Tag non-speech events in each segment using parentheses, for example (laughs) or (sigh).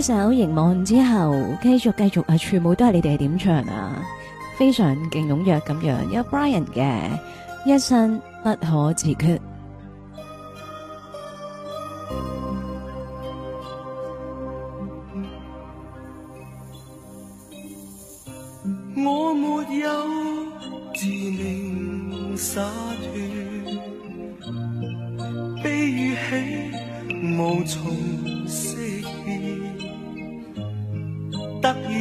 一首凝望之後，繼續繼續啊！全部都係你哋係點唱啊？非常勁踊躍咁樣，有 Brian 嘅一生不可自決。我沒有自命灑脫，悲與喜無從。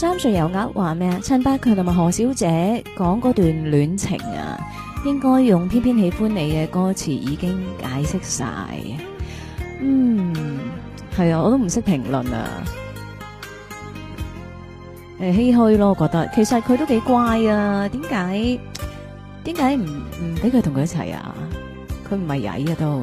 三歲油鴨話咩啊？陳百強同埋何小姐講嗰段戀情啊，應該用《偏偏喜歡你》嘅歌詞已經解釋晒。嗯，係啊，我都唔識評論啊。誒，唏噓咯，我覺得其實佢都幾乖啊。點解點解唔唔俾佢同佢一齊啊？佢唔係曳啊都。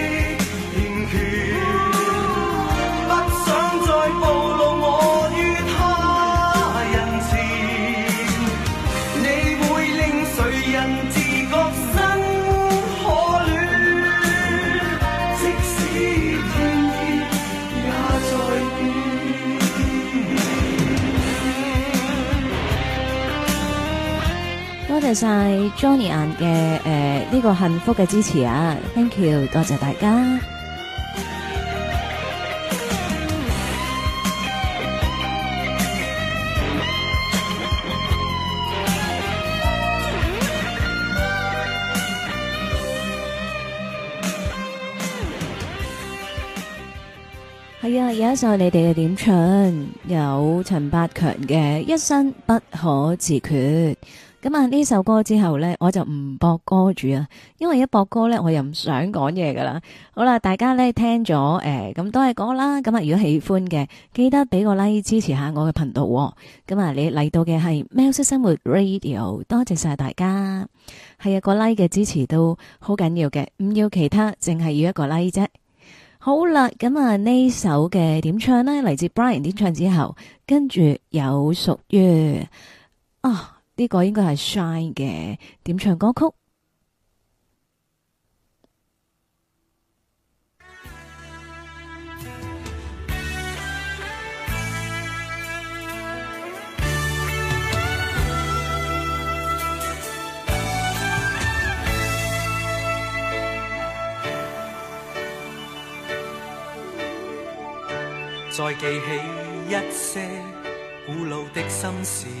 晒 Johnny Yan 嘅誒呢個幸福嘅支持啊，Thank you，多謝大家。係啊，而家上嚟你哋嘅點唱有陳百強嘅《一生不可自決》。咁啊！呢首歌之後呢，我就唔播歌住啊，因為一播歌呢，我又唔想講嘢噶啦。好啦，大家呢聽咗誒，咁多嘅歌啦。咁啊，如果喜歡嘅，記得俾個 like 支持下我嘅頻道喔。咁啊，你嚟到嘅係喵式生活 Radio，多謝晒大家。係啊，個 like 嘅支持都好緊要嘅。唔要其他，淨係要一個 like 啫。好啦，咁啊呢首嘅點唱呢？嚟自 Brian 點唱之後，跟住有屬於啊。呢個應該係 shine 嘅點唱歌曲， (music) 再記起一些古老的心事。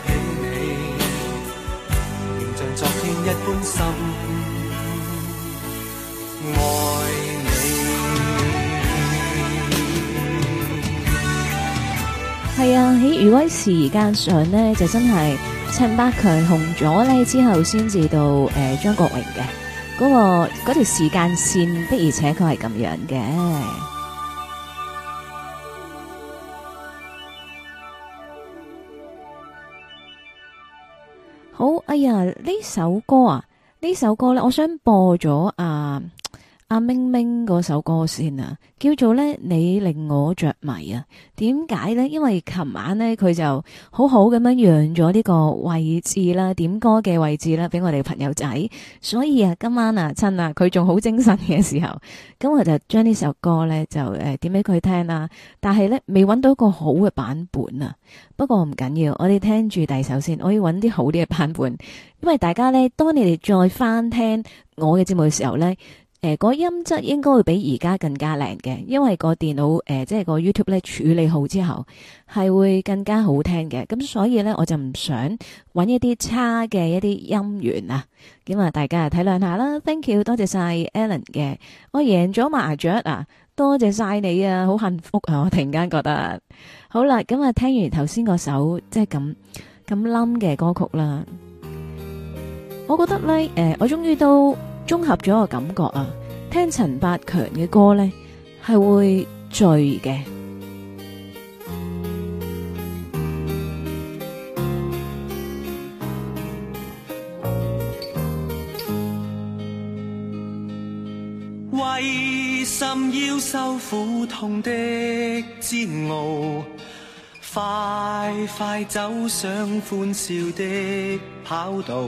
愛你係啊，喺如果時間上呢，就真係陳百強紅咗呢。之後才，先至到誒張國榮嘅嗰個嗰條時間線的確確的，的而且確係咁樣嘅。哎，呢首歌啊，呢首歌咧，我想播咗啊。呃阿明明嗰首歌先啊，叫做咧你令我着迷啊。點解呢？因為琴晚咧佢就好好咁樣讓咗呢個位置啦，點歌嘅位置啦，俾我哋嘅朋友仔。所以啊，今晚啊，親啊，佢仲好精神嘅時候，咁我就將呢首歌咧就誒點俾佢聽啦。但係咧未搵到一個好嘅版本啊，不過唔緊要，我哋聽住第二首先。我要搵啲好啲嘅版本，因為大家咧，當你哋再翻聽我嘅節目嘅時候咧。誒，呃個音質應該會比而家更加靚嘅，因為個電腦誒、呃，即係個 YouTube 咧處理好之後，係會更加好聽嘅。咁所以咧，我就唔想揾一啲差嘅一啲音源啊。咁、嗯、啊，大家啊體諒下啦。Thank you，多謝晒 Alan 嘅。我贏咗麻雀啊，多謝晒你啊，好幸福啊！我突然間覺得，好啦，咁、嗯、啊，聽完頭先個首即係咁咁冧嘅歌曲啦，我覺得咧，誒、呃，我終於都。綜合咗個感覺啊，聽陳百強嘅歌呢係會醉嘅。為什麼要受苦痛的煎熬？快快走上歡笑的跑道。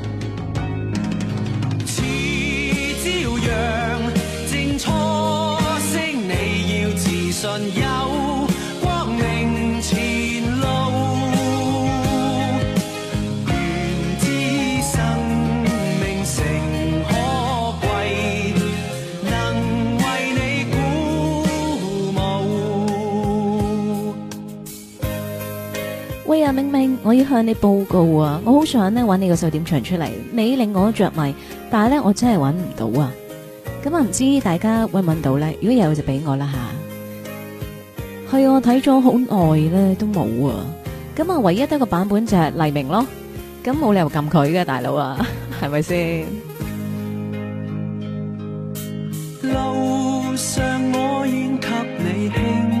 喂啊，明明，我要向你報告啊，我好想咧揾你個手點唱出嚟，你令我着迷。但係咧我真係揾唔到啊，咁啊唔知大家揾唔揾到咧，如果有就俾我啦吓，係啊，我睇咗好耐咧都冇啊，咁、嗯、啊唯一得個版本就係黎明咯，咁、嗯、冇理由撳佢嘅大佬啊，係咪先？路 (laughs) 吧上我你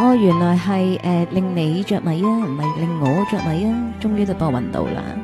哦，原來係、呃、令你着迷啊，唔係令我着迷啊，終於都被我搵到啦。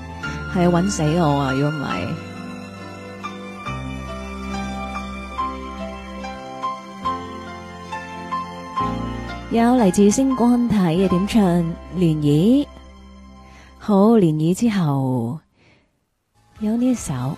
係揾死我啊！如果唔係，有嚟自星光體嘅點唱《漣漪》，好，《漣漪》之後有呢首。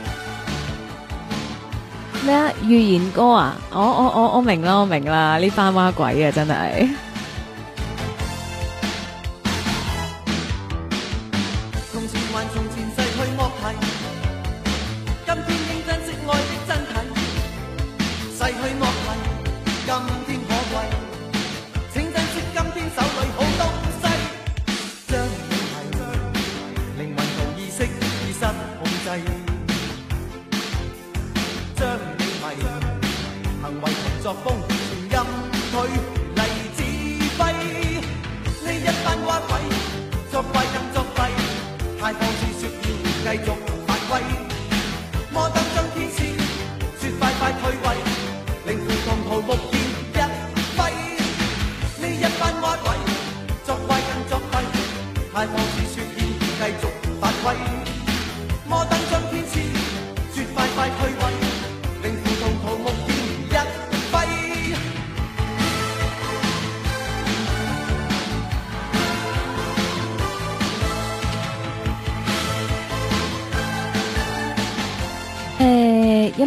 咩啊？預言歌啊！我我我我明啦，我明啦，呢班媽鬼啊，真係。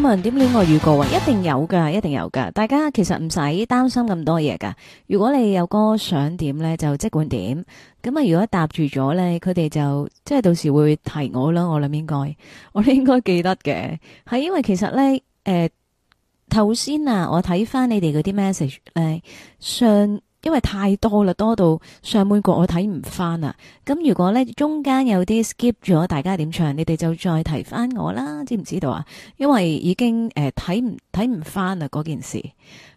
問點戀愛預告啊？一定有噶，一定有噶。大家其實唔使擔心咁多嘢噶。如果你有歌想點呢，就即管點。咁啊，如果答住咗呢，佢哋就即係到時會提我啦。我諗應該，我哋應該記得嘅。係因為其實呢，誒、呃，頭先啊，我睇翻你哋嗰啲 message 呢上。因為太多啦，多到上半個我睇唔翻啦。咁如果呢，中間有啲 skip 咗，大家點唱？你哋就再提翻我啦，知唔知道啊？因為已經誒睇唔睇唔翻啦嗰件事，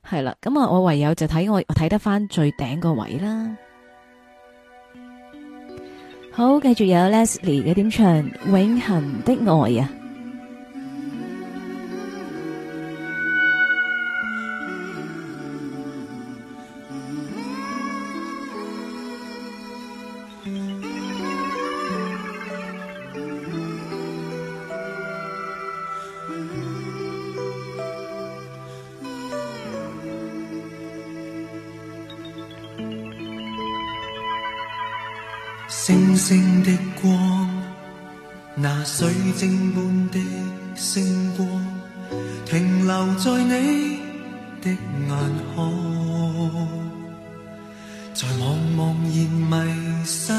係啦。咁啊，我唯有就睇我睇得翻最頂個位啦。好，繼續有 Leslie 嘅點唱《永恆的愛》啊。水晶般的星光，停留在你的眼眶，在茫茫然迷失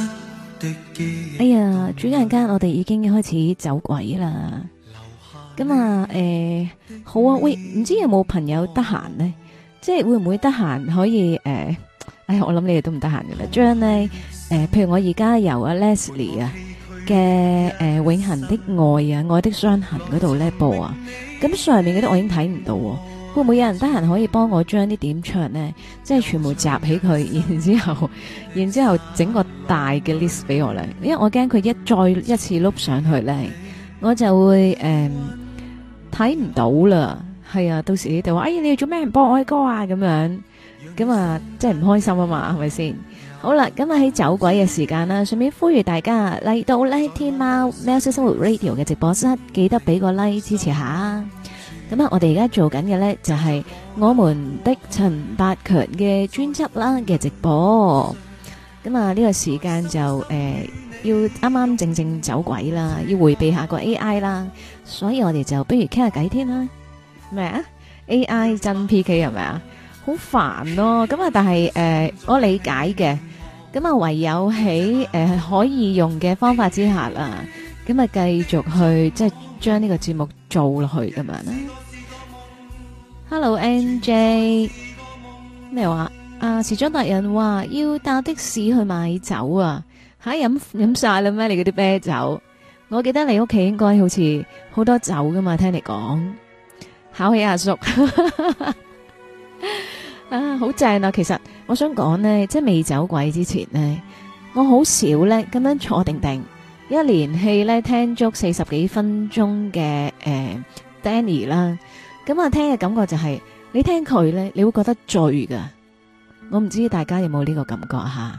的記憶。哎呀，轉眼間我哋已經開始走鬼啦。咁啊，誒、呃，好啊，喂，唔知有冇朋友得閒呢？即係會唔會得閒可以誒、呃？哎呀，我諗你哋都唔得閒噶啦。將呢，誒、呃，譬如我而家由阿 Leslie 啊。嘅誒、呃，永恆的愛啊，愛的傷痕嗰度呢播啊，咁上面嗰啲我已經睇唔到，啊，會唔會有人得閒可以幫我將啲點唱呢？即係全部集起佢，然之後，然之後整個大嘅 list 俾我咧，因為我驚佢一再一次碌上去咧，我就會誒睇唔到啦，係啊，到時你就話哎呀，你要做咩唔播我歌啊，咁樣，咁啊即係唔開心啊嘛，係咪先？好啦，今日喺走鬼嘅時間啦，順便呼籲大家嚟到呢天喵喵式生活 radio 嘅直播室，記得俾個 like 支持下。咁啊，我哋而家做緊嘅呢就係我們的陳百強嘅專輯啦嘅直播。咁啊，呢個時間就誒要啱啱正正走鬼啦，要回避下個 AI 啦，所以我哋就不如傾下偈先啦。咩啊？AI 真 PK 係咪啊？好煩咯，咁啊、哦，但係誒、呃，我理解嘅，咁啊，唯有喺誒、呃、可以用嘅方法之下啦，咁啊，繼續去即係將呢個節目做落去咁樣啦。Hello，NJ，咩話？啊，時裝達人話要搭的士去買酒啊！吓，飲飲曬啦咩？你嗰啲啤酒？我記得你屋企應該好似好多酒㗎嘛？聽你講，考起阿叔。 (laughs) 啊，好正啊！其實我想講呢，即係未走鬼之前呢，我好少呢咁樣坐定定，一連氣呢，聽足四十幾分鐘嘅誒，Danny 啦，咁啊聽嘅感覺就係、是，你聽佢呢，你會覺得醉噶，我唔知大家有冇呢個感覺吓。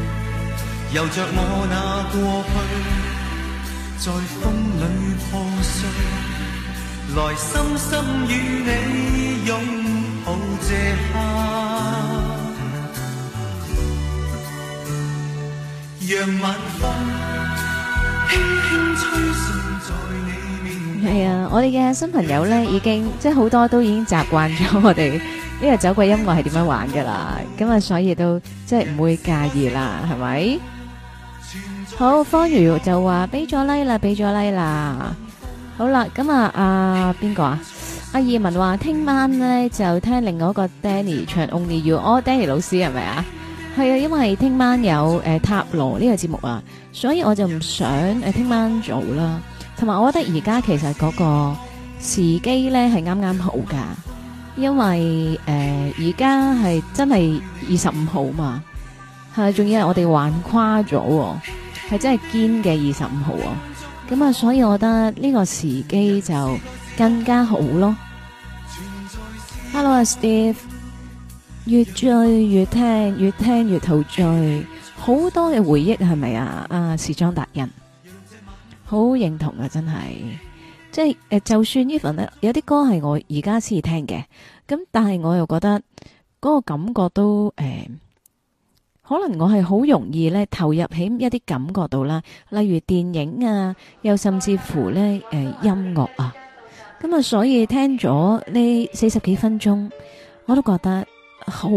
係啊，我哋嘅新朋友咧，已經即係好多都已經習慣咗我哋呢個走鬼音樂係點樣玩㗎喇，咁啊，所以都即係唔會介意啦，係咪？好，方如就話俾咗 like 啦，俾咗 like 啦。好啦，咁啊，阿邊個啊？阿葉文話聽晚咧就聽另外一個 Danny 唱長 Only You，哦，Danny 老師係咪啊？係啊，因為聽晚有誒、呃、塔羅呢個節目啊，所以我就唔想誒聽、呃、晚做啦。同埋我覺得而家其實嗰個時機咧係啱啱好噶，因為誒而家係真係二十五號嘛，係仲要係我哋還跨咗。係真係堅嘅二十五號喎，啊。咁啊，所以我覺得呢個時機就更加好咯。Hello，啊 Steve，越醉越聽，越聽越陶醉，好多嘅回憶係咪啊？啊，時裝達人，好認同啊！真係，即係誒，就算呢份咧，有啲歌係我而家先聽嘅，咁但係我又覺得嗰個感覺都誒。欸可能我係好容易咧投入喺一啲感覺度啦，例如電影啊，又甚至乎咧誒音樂啊，咁啊所以聽咗呢四十幾分鐘，我都覺得好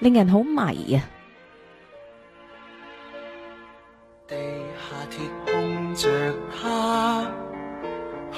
令人好迷啊！地下鐵，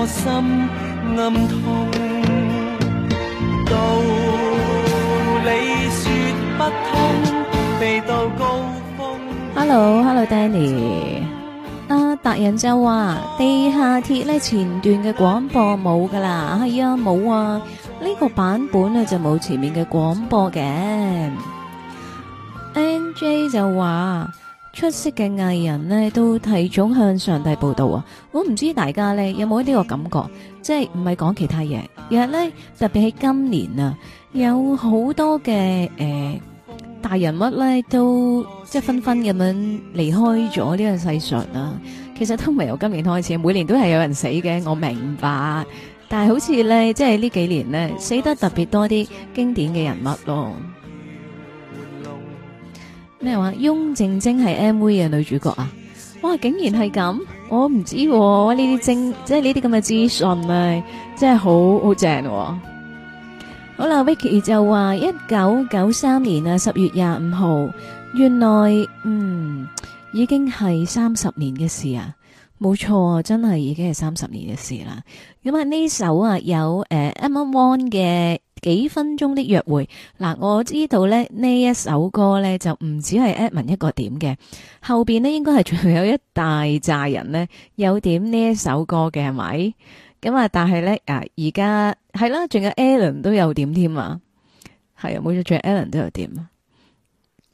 我心暗痛，道理說不通，未到高峰。Hello，Hello，Danny。啊，達人就話，地下鐵咧前段嘅廣播冇㗎喇，係啊冇啊，呢、啊這個版本咧就冇前面嘅廣播嘅。NJ 就話。出色嘅藝人咧，都提早向上帝報到啊！我唔知大家咧有冇呢個感覺？即係唔係講其他嘢，而係咧特別係今年啊，有好多嘅誒、呃、大人物咧，都即係紛紛咁樣離開咗呢個世上啊。其實都唔係由今年開始，每年都係有人死嘅，我明白。但係好似咧，即係呢幾年咧，死得特別多啲經典嘅人物咯。咩話、啊？翁靜晶係 M V 嘅女主角啊！哇，竟然係咁，我唔知呢啲精，即係呢啲咁嘅資訊啊，真係好好正。好啦，Vicky 就話一九九三年啊，十、啊、月廿五號，原來嗯已經係三十年嘅事，錯年事啊，冇錯，真係已經係三十年嘅事啦。咁啊呢首啊有誒 Emma Wan 嘅。幾分鐘的約會嗱、啊，我知道咧，呢一首歌咧就唔止係 Edmond 一個點嘅，後邊呢應該係仲有一大扎人呢，有點呢一首歌嘅係咪？咁啊，但係呢，啊，而家係啦，仲、啊、有 Alan 都有點添啊，係啊，冇錯，仲有 Alan 都有點。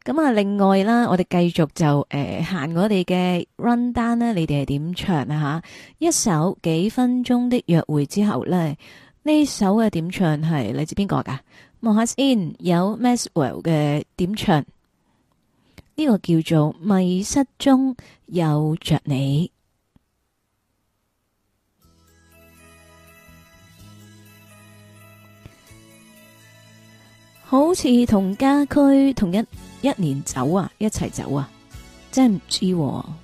咁啊，另外啦，我哋繼續就誒、呃、行我哋嘅 run down 咧你哋係點唱啊吓？一首幾分鐘的約會之後呢。呢首嘅點唱係嚟自邊個㗎？望下先，有 Maxwell 嘅點唱，呢、這個叫做《迷失中有着你》，好似同家駒同一一年走啊，一齊走啊，真係唔知、啊。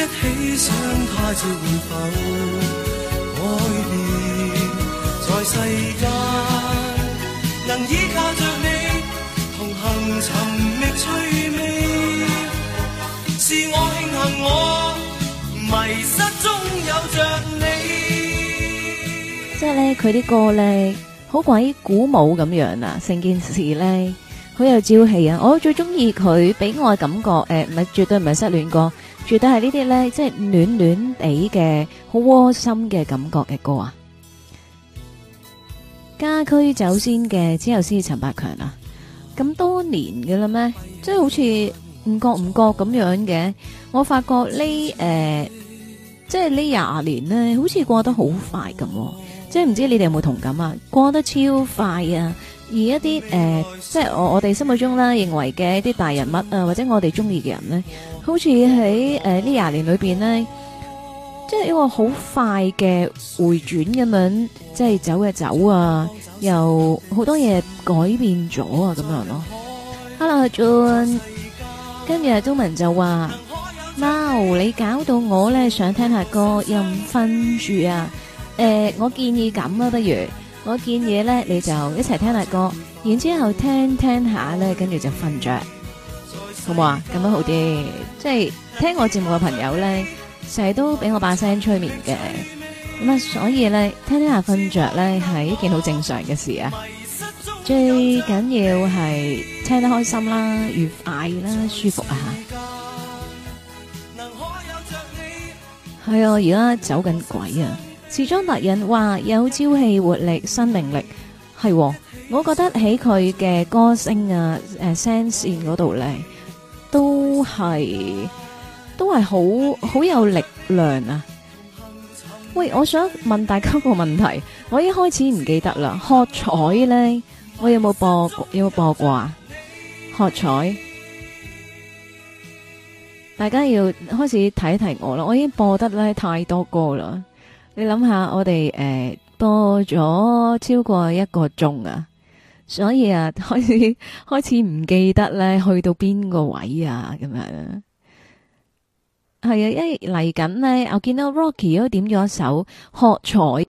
你，你。在世界。依靠着你同行尋覓催眠是我慶幸我即係咧，佢啲歌咧，好鬼鼓舞咁樣啊！成件事咧，好有朝氣啊！我最中意佢俾我嘅感覺，誒、呃，唔係絕對唔係失戀歌住都係呢啲咧，即係暖暖地嘅好窩心嘅感覺嘅歌啊！家駒走先嘅之後是陳百強啊，咁多年嘅啦咩？ (music) 即係好似唔覺唔覺咁樣嘅，我發覺這、呃就是、這呢誒、啊，即係呢廿年咧，好似過得好快咁，即係唔知你哋有冇同感啊？過得超快啊！而一啲誒、呃，即係我我哋心目中啦認為嘅一啲大人物啊，或者我哋中意嘅人咧，好似喺、呃、呢廿年裏面咧，即係一個好快嘅回轉咁樣，即係走嘅走啊，又好多嘢改變咗啊，咁樣咯。Hello，John，跟住啊，周文就話，貓你搞到我咧想聽下歌任分住啊，誒、呃，我建議咁啦、啊，不如。我建議咧，你就一齊聽下歌，然之後聽聽下咧，跟住就瞓着，好唔好啊？咁樣好啲，即係聽我節目嘅朋友咧，成日都俾我把聲催眠嘅，咁啊，所以咧聽聽下瞓着咧係一件好正常嘅事啊。最緊要係聽得開心啦，愉快啦，舒服啊吓。係啊、嗯，而家走緊鬼啊！時裝達人話有朝氣活力、新靈力，係、哦，我覺得喺佢嘅歌聲啊，誒、呃、聲線嗰度咧，都係都係好好有力量啊！喂，我想問大家個問題，我已經開始唔記得啦，喝采咧，我有冇播有冇播過啊？喝采，大家要開始睇一睇我啦，我已經播得咧太多歌啦。你諗下，我哋誒播咗超過一個鐘啊，所以啊開始開始唔記得咧去到邊個位啊咁樣，係啊，因為嚟緊咧，我見到 Rocky 都點咗一首喝采。